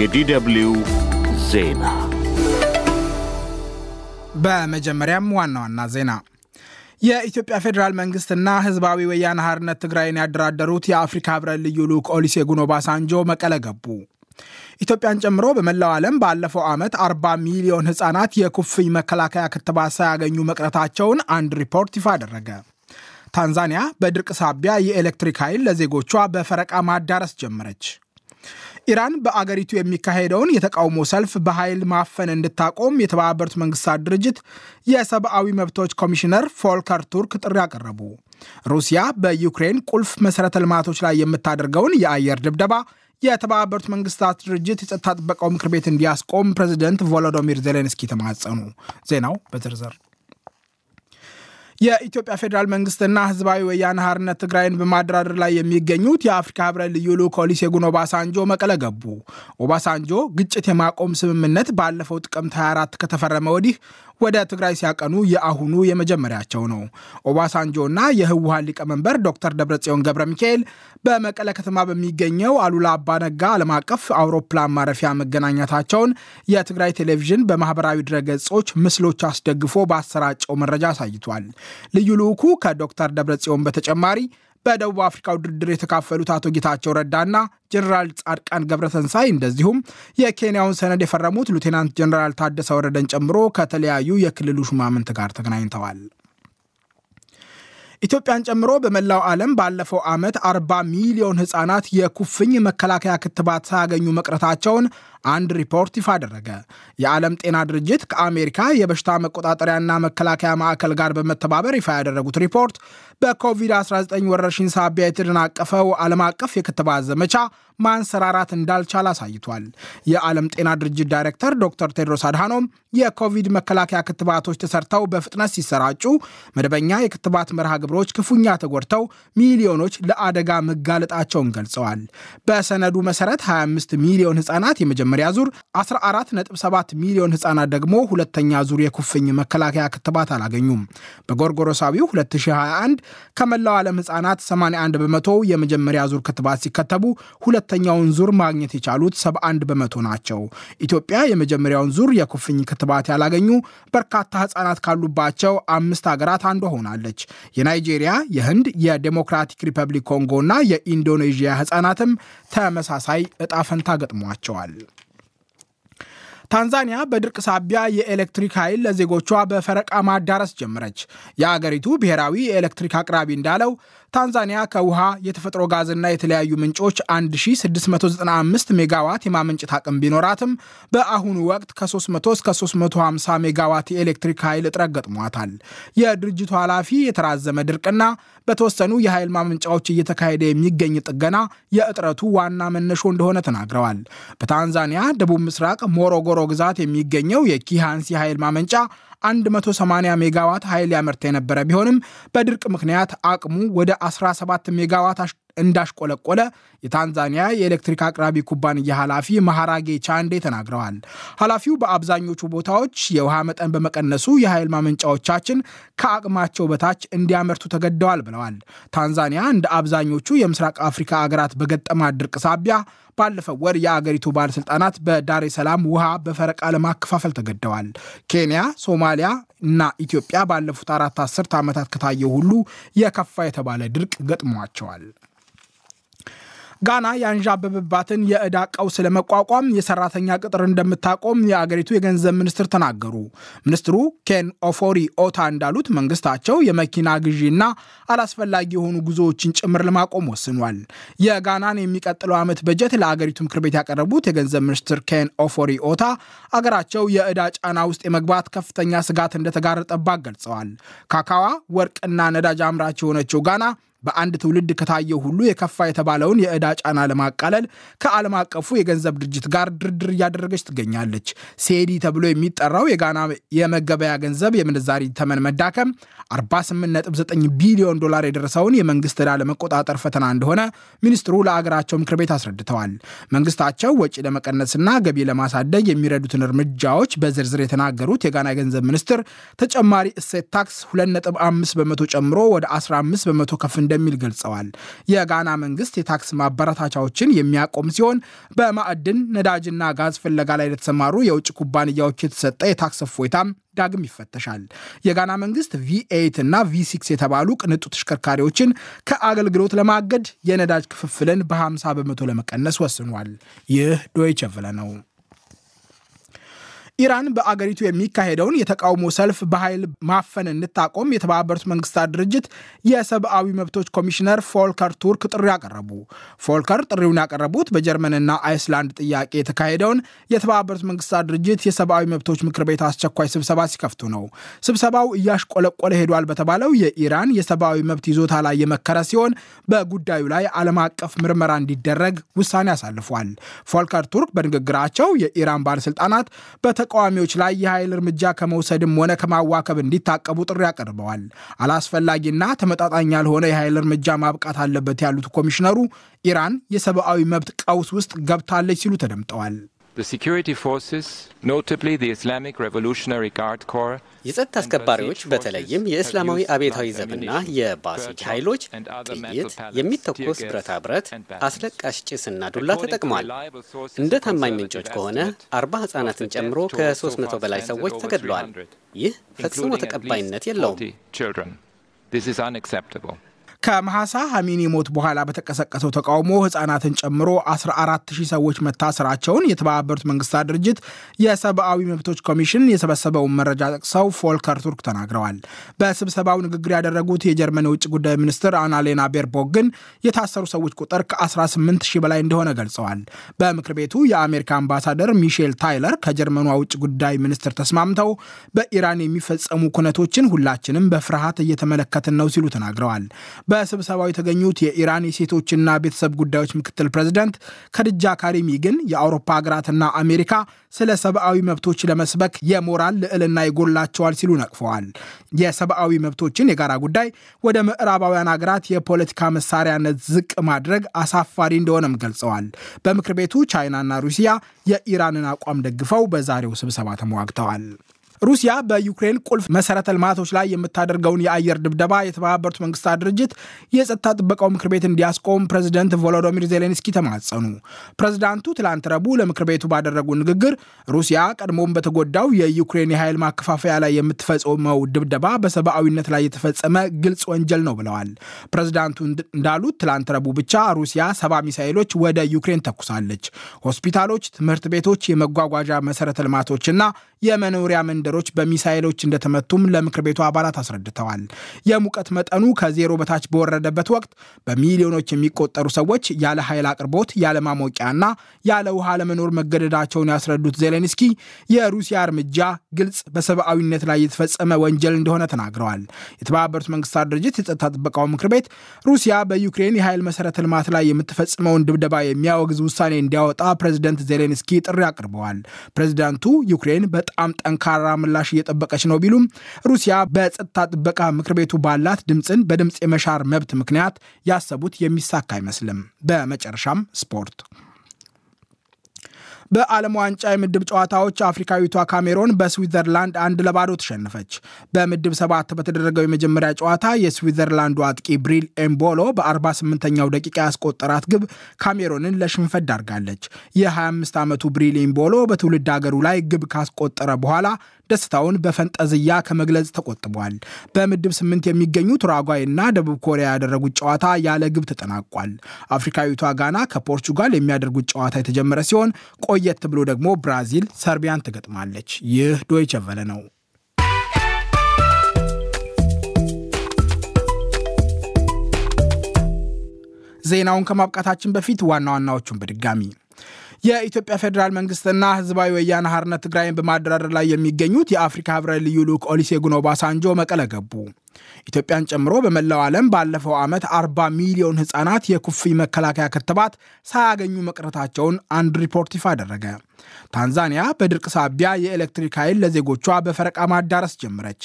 የዲደብሊው ዜና በመጀመሪያም ዋና ዋና ዜና የኢትዮጵያ ፌዴራል መንግስትና ህዝባዊ ወያነ ሀርነት ትግራይን ያደራደሩት የአፍሪካ ህብረት ልዩ ልዑክ ኦሉሴጉን ኦባሳንጆ መቀለ ገቡ። ኢትዮጵያን ጨምሮ በመላው ዓለም ባለፈው ዓመት 40 ሚሊዮን ህፃናት የኩፍኝ መከላከያ ክትባት ሳያገኙ መቅረታቸውን አንድ ሪፖርት ይፋ አደረገ። ታንዛኒያ በድርቅ ሳቢያ የኤሌክትሪክ ኃይል ለዜጎቿ በፈረቃ ማዳረስ ጀመረች። ኢራን በአገሪቱ የሚካሄደውን የተቃውሞ ሰልፍ በኃይል ማፈን እንድታቆም የተባበሩት መንግስታት ድርጅት የሰብአዊ መብቶች ኮሚሽነር ፎልከር ቱርክ ጥሪ አቀረቡ። ሩሲያ በዩክሬን ቁልፍ መሠረተ ልማቶች ላይ የምታደርገውን የአየር ድብደባ የተባበሩት መንግስታት ድርጅት የጸጥታ ጥበቃው ምክር ቤት እንዲያስቆም ፕሬዚደንት ቮሎዶሚር ዜሌንስኪ ተማጸኑ። ዜናው በዝርዝር የኢትዮጵያ ፌዴራል መንግስትና ህዝባዊ ወያነ ሓርነት ትግራይን በማደራደር ላይ የሚገኙት የአፍሪካ ህብረት ልዩ ልዑክ ኦሉሴጉን ኦባሳንጆ መቀለ ገቡ። ኦባሳንጆ ግጭት የማቆም ስምምነት ባለፈው ጥቅምት 24 ከተፈረመ ወዲህ ወደ ትግራይ ሲያቀኑ የአሁኑ የመጀመሪያቸው ነው። ኦባሳንጆና የህወሀን ሊቀመንበር ዶክተር ደብረጽዮን ገብረ ሚካኤል በመቀለ ከተማ በሚገኘው አሉላ አባነጋ ዓለም አቀፍ አውሮፕላን ማረፊያ መገናኘታቸውን የትግራይ ቴሌቪዥን በማህበራዊ ድረገጾች ምስሎች አስደግፎ በአሰራጨው መረጃ አሳይቷል። ልዩ ልዑኩ ከዶክተር ደብረጽዮን በተጨማሪ በደቡብ አፍሪካው ድርድር የተካፈሉት አቶ ጌታቸው ረዳና ጀኔራል ጻድቃን ገብረተንሳይ እንደዚሁም የኬንያውን ሰነድ የፈረሙት ሉቴናንት ጀኔራል ታደሰ ወረደን ጨምሮ ከተለያዩ የክልሉ ሹማምንት ጋር ተገናኝተዋል። ኢትዮጵያን ጨምሮ በመላው ዓለም ባለፈው ዓመት 40 ሚሊዮን ሕፃናት የኩፍኝ መከላከያ ክትባት ሳያገኙ መቅረታቸውን አንድ ሪፖርት ይፋ አደረገ። የዓለም ጤና ድርጅት ከአሜሪካ የበሽታ መቆጣጠሪያና መከላከያ ማዕከል ጋር በመተባበር ይፋ ያደረጉት ሪፖርት በኮቪድ-19 ወረርሽኝ ሳቢያ የተደናቀፈው ዓለም አቀፍ የክትባት ዘመቻ ማንሰራራት እንዳልቻል አሳይቷል። የዓለም ጤና ድርጅት ዳይሬክተር ዶክተር ቴድሮስ አድሃኖም የኮቪድ መከላከያ ክትባቶች ተሰርተው በፍጥነት ሲሰራጩ መደበኛ የክትባት መርሃ ግብሮች ክፉኛ ተጎድተው ሚሊዮኖች ለአደጋ መጋለጣቸውን ገልጸዋል። በሰነዱ መሰረት 25 ሚሊዮን ህጻናት የመጀመ የመጀመሪያ ዙር 14.7 ሚሊዮን ህጻናት ደግሞ ሁለተኛ ዙር የኩፍኝ መከላከያ ክትባት አላገኙም። በጎርጎሮሳዊው 2021 ከመላው ዓለም ህጻናት 81 በመቶ የመጀመሪያ ዙር ክትባት ሲከተቡ ሁለተኛውን ዙር ማግኘት የቻሉት 71 በመቶ ናቸው። ኢትዮጵያ የመጀመሪያውን ዙር የኩፍኝ ክትባት ያላገኙ በርካታ ህጻናት ካሉባቸው አምስት ሀገራት አንዷ ሆናለች። የናይጄሪያ፣ የህንድ፣ የዴሞክራቲክ ሪፐብሊክ ኮንጎ እና የኢንዶኔዥያ ህጻናትም ተመሳሳይ እጣ ፈንታ ገጥሟቸዋል። ታንዛኒያ በድርቅ ሳቢያ የኤሌክትሪክ ኃይል ለዜጎቿ በፈረቃ ማዳረስ ጀመረች። የአገሪቱ ብሔራዊ የኤሌክትሪክ አቅራቢ እንዳለው ታንዛኒያ ከውሃ የተፈጥሮ ጋዝና የተለያዩ ምንጮች 1695 ሜጋዋት የማመንጨት አቅም ቢኖራትም በአሁኑ ወቅት ከ300 እስከ 350 ሜጋዋት የኤሌክትሪክ ኃይል እጥረት ገጥሟታል። የድርጅቱ ኃላፊ የተራዘመ ድርቅና በተወሰኑ የኃይል ማመንጫዎች እየተካሄደ የሚገኝ ጥገና የእጥረቱ ዋና መነሾ እንደሆነ ተናግረዋል። በታንዛኒያ ደቡብ ምስራቅ ሞሮጎሮ ግዛት የሚገኘው የኪሃንሲ ኃይል ማመንጫ 180 ሜጋዋት ኃይል ያመርተ የነበረ ቢሆንም በድርቅ ምክንያት አቅሙ ወደ 17 ሜጋዋት እንዳሽቆለቆለ የታንዛኒያ የኤሌክትሪክ አቅራቢ ኩባንያ ኃላፊ ማሃራጌ ቻንዴ ተናግረዋል። ኃላፊው በአብዛኞቹ ቦታዎች የውሃ መጠን በመቀነሱ የኃይል ማመንጫዎቻችን ከአቅማቸው በታች እንዲያመርቱ ተገደዋል ብለዋል። ታንዛኒያ እንደ አብዛኞቹ የምስራቅ አፍሪካ አገራት በገጠማት ድርቅ ሳቢያ ባለፈው ወር የአገሪቱ ባለስልጣናት በዳሬ ሰላም ውሃ በፈረቃ ለማከፋፈል ተገደዋል። ኬንያ፣ ሶማሊያ እና ኢትዮጵያ ባለፉት አራት አስርት ዓመታት ከታየው ሁሉ የከፋ የተባለ ድርቅ ገጥሟቸዋል። ጋና የአንዣበበባትን የዕዳ ቀውስ ለመቋቋም የሰራተኛ ቅጥር እንደምታቆም የአገሪቱ የገንዘብ ሚኒስትር ተናገሩ። ሚኒስትሩ ኬን ኦፎሪ ኦታ እንዳሉት መንግስታቸው የመኪና ግዢና አላስፈላጊ የሆኑ ጉዞዎችን ጭምር ለማቆም ወስኗል። የጋናን የሚቀጥለው ዓመት በጀት ለአገሪቱ ምክር ቤት ያቀረቡት የገንዘብ ሚኒስትር ኬን ኦፎሪ ኦታ አገራቸው የዕዳ ጫና ውስጥ የመግባት ከፍተኛ ስጋት እንደተጋረጠባት ገልጸዋል። ካካዋ፣ ወርቅና ነዳጅ አምራች የሆነችው ጋና በአንድ ትውልድ ከታየው ሁሉ የከፋ የተባለውን የዕዳ ጫና ለማቃለል ከዓለም አቀፉ የገንዘብ ድርጅት ጋር ድርድር እያደረገች ትገኛለች። ሴዲ ተብሎ የሚጠራው የጋና የመገበያ ገንዘብ የምንዛሪ ተመን መዳከም 489 ቢሊዮን ዶላር የደረሰውን የመንግስት ዕዳ ለመቆጣጠር ፈተና እንደሆነ ሚኒስትሩ ለአገራቸው ምክር ቤት አስረድተዋል። መንግስታቸው ወጪ ለመቀነስና ገቢ ለማሳደግ የሚረዱትን እርምጃዎች በዝርዝር የተናገሩት የጋና የገንዘብ ሚኒስትር ተጨማሪ እሴት ታክስ 2.5 በመቶ ጨምሮ ወደ 15 በመቶ ከፍ እንደሚል ገልጸዋል። የጋና መንግስት የታክስ ማበረታቻዎችን የሚያቆም ሲሆን በማዕድን ነዳጅና ጋዝ ፍለጋ ላይ ለተሰማሩ የውጭ ኩባንያዎች የተሰጠ የታክስ እፎይታም ዳግም ይፈተሻል። የጋና መንግስት ቪኤይት እና ቪሲክስ የተባሉ ቅንጡ ተሽከርካሪዎችን ከአገልግሎት ለማገድ የነዳጅ ክፍፍልን በ50 በመቶ ለመቀነስ ወስኗል። ይህ ዶይቸ ቬለ ነው። ኢራን በአገሪቱ የሚካሄደውን የተቃውሞ ሰልፍ በኃይል ማፈን እንድታቆም የተባበሩት መንግስታት ድርጅት የሰብአዊ መብቶች ኮሚሽነር ፎልከር ቱርክ ጥሪ አቀረቡ። ፎልከር ጥሪውን ያቀረቡት በጀርመንና አይስላንድ ጥያቄ የተካሄደውን የተባበሩት መንግስታት ድርጅት የሰብአዊ መብቶች ምክር ቤት አስቸኳይ ስብሰባ ሲከፍቱ ነው። ስብሰባው እያሽቆለቆለ ሄዷል በተባለው የኢራን የሰብአዊ መብት ይዞታ ላይ የመከረ ሲሆን በጉዳዩ ላይ ዓለም አቀፍ ምርመራ እንዲደረግ ውሳኔ አሳልፏል። ፎልከር ቱርክ በንግግራቸው የኢራን ባለስልጣናት በተ ተቃዋሚዎች ላይ የኃይል እርምጃ ከመውሰድም ሆነ ከማዋከብ እንዲታቀቡ ጥሪ አቅርበዋል። አላስፈላጊና ተመጣጣኝ ያልሆነ የኃይል እርምጃ ማብቃት አለበት ያሉት ኮሚሽነሩ ኢራን የሰብአዊ መብት ቀውስ ውስጥ ገብታለች ሲሉ ተደምጠዋል። የጸጥታ አስከባሪዎች በተለይም የእስላማዊ አብዮታዊ ዘብና የባሲጅ ኃይሎች ጥይት፣ የሚተኮስ ብረታ ብረት፣ አስለቃሽ ጭስና ዱላ ተጠቅሟል። እንደ ታማኝ ምንጮች ከሆነ አርባ ሕጻናትን ጨምሮ ከ300 በላይ ሰዎች ተገድለዋል። ይህ ፈጽሞ ተቀባይነት የለውም። ከመሐሳ ሐሚኒ ሞት በኋላ በተቀሰቀሰው ተቃውሞ ህጻናትን ጨምሮ 14000 ሰዎች መታሰራቸውን የተባበሩት መንግስታት ድርጅት የሰብአዊ መብቶች ኮሚሽን የሰበሰበውን መረጃ ጠቅሰው ፎልከር ቱርክ ተናግረዋል። በስብሰባው ንግግር ያደረጉት የጀርመን የውጭ ጉዳይ ሚኒስትር አናሌና ቤርቦክ ግን የታሰሩ ሰዎች ቁጥር ከ18 በላይ እንደሆነ ገልጸዋል። በምክር ቤቱ የአሜሪካ አምባሳደር ሚሼል ታይለር ከጀርመኗ ውጭ ጉዳይ ሚኒስትር ተስማምተው በኢራን የሚፈጸሙ ኩነቶችን ሁላችንም በፍርሃት እየተመለከትን ነው ሲሉ ተናግረዋል። በስብሰባው የተገኙት የኢራን የሴቶችና ቤተሰብ ጉዳዮች ምክትል ፕሬዚደንት ከድጃ ካሪሚ ግን የአውሮፓ ሀገራትና አሜሪካ ስለ ሰብአዊ መብቶች ለመስበክ የሞራል ልዕልና ይጎላቸዋል ሲሉ ነቅፈዋል። የሰብአዊ መብቶችን የጋራ ጉዳይ ወደ ምዕራባውያን ሀገራት የፖለቲካ መሳሪያነት ዝቅ ማድረግ አሳፋሪ እንደሆነም ገልጸዋል። በምክር ቤቱ ቻይናና ሩሲያ የኢራንን አቋም ደግፈው በዛሬው ስብሰባ ተሟግተዋል። ሩሲያ በዩክሬን ቁልፍ መሰረተ ልማቶች ላይ የምታደርገውን የአየር ድብደባ የተባበሩት መንግስታት ድርጅት የጸጥታ ጥበቃው ምክር ቤት እንዲያስቆም ፕሬዚደንት ቮሎዶሚር ዜሌንስኪ ተማጸኑ። ፕሬዚዳንቱ ትላንት ረቡዕ ለምክር ቤቱ ባደረጉ ንግግር ሩሲያ ቀድሞም በተጎዳው የዩክሬን የኃይል ማከፋፈያ ላይ የምትፈጽመው ድብደባ በሰብአዊነት ላይ የተፈጸመ ግልጽ ወንጀል ነው ብለዋል። ፕሬዚዳንቱ እንዳሉት ትላንት ረቡዕ ብቻ ሩሲያ ሰባ ሚሳይሎች ወደ ዩክሬን ተኩሳለች። ሆስፒታሎች፣ ትምህርት ቤቶች፣ የመጓጓዣ መሰረተ ልማቶችና የመኖሪያ መንደ ሀገሮች በሚሳይሎች እንደተመቱም ለምክር ቤቱ አባላት አስረድተዋል። የሙቀት መጠኑ ከዜሮ በታች በወረደበት ወቅት በሚሊዮኖች የሚቆጠሩ ሰዎች ያለ ኃይል አቅርቦት፣ ያለ ማሞቂያና ያለ ውሃ ለመኖር መገደዳቸውን ያስረዱት ዜሌንስኪ የሩሲያ እርምጃ ግልጽ በሰብአዊነት ላይ የተፈጸመ ወንጀል እንደሆነ ተናግረዋል። የተባበሩት መንግስታት ድርጅት የጸጥታ ጥበቃው ምክር ቤት ሩሲያ በዩክሬን የኃይል መሰረተ ልማት ላይ የምትፈጽመውን ድብደባ የሚያወግዝ ውሳኔ እንዲያወጣ ፕሬዚደንት ዜሌንስኪ ጥሪ አቅርበዋል። ፕሬዚዳንቱ ዩክሬን በጣም ጠንካራ ምላሽ እየጠበቀች ነው ቢሉም ሩሲያ በጸጥታ ጥበቃ ምክር ቤቱ ባላት ድምፅን በድምፅ የመሻር መብት ምክንያት ያሰቡት የሚሳካ አይመስልም። በመጨረሻም ስፖርት በዓለም ዋንጫ የምድብ ጨዋታዎች አፍሪካዊቷ ካሜሮን በስዊዘርላንድ አንድ ለባዶ ተሸነፈች። በምድብ ሰባት በተደረገው የመጀመሪያ ጨዋታ የስዊዘርላንዱ አጥቂ ብሪል ኤምቦሎ በ48ኛው ደቂቃ ያስቆጠራት ግብ ካሜሮንን ለሽንፈት ዳርጋለች። የ25 ዓመቱ ብሪል ኤምቦሎ በትውልድ አገሩ ላይ ግብ ካስቆጠረ በኋላ ደስታውን በፈንጠዝያ ከመግለጽ ተቆጥቧል። በምድብ ስምንት የሚገኙት ኡሩጓይ እና ደቡብ ኮሪያ ያደረጉት ጨዋታ ያለ ግብ ተጠናቋል። አፍሪካዊቷ ጋና ከፖርቹጋል የሚያደርጉት ጨዋታ የተጀመረ ሲሆን ቆይ ቆየት ብሎ ደግሞ ብራዚል ሰርቢያን ትገጥማለች። ይህ ዶይቸ ቨለ ነው። ዜናውን ከማብቃታችን በፊት ዋና ዋናዎቹን በድጋሚ የኢትዮጵያ ፌዴራል መንግስትና ህዝባዊ ወያነ ሓርነት ትግራይን በማደራደር ላይ የሚገኙት የአፍሪካ ህብረት ልዩ ልዑክ ኦሊሴጉን ኦባሳንጆ መቀለ ገቡ። ኢትዮጵያን ጨምሮ በመላው ዓለም ባለፈው ዓመት 40 ሚሊዮን ሕፃናት የኩፍኝ መከላከያ ክትባት ሳያገኙ መቅረታቸውን አንድ ሪፖርት ይፋ አደረገ። ታንዛኒያ በድርቅ ሳቢያ የኤሌክትሪክ ኃይል ለዜጎቿ በፈረቃ ማዳረስ ጀመረች።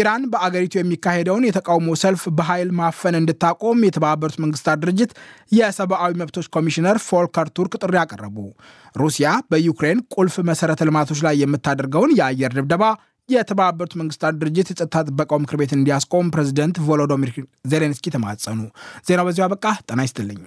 ኢራን በአገሪቱ የሚካሄደውን የተቃውሞ ሰልፍ በኃይል ማፈን እንድታቆም የተባበሩት መንግስታት ድርጅት የሰብአዊ መብቶች ኮሚሽነር ፎልከር ቱርክ ጥሪ አቀረቡ። ሩሲያ በዩክሬን ቁልፍ መሠረተ ልማቶች ላይ የምታደርገውን የአየር ድብደባ የተባበሩት መንግስታት ድርጅት የጸጥታ ጥበቃው ምክር ቤት እንዲያስቆም ፕሬዚደንት ቮሎዶሚር ዜሌንስኪ ተማጸኑ። ዜናው በዚሁ አበቃ። ጤና ይስጥልኝ።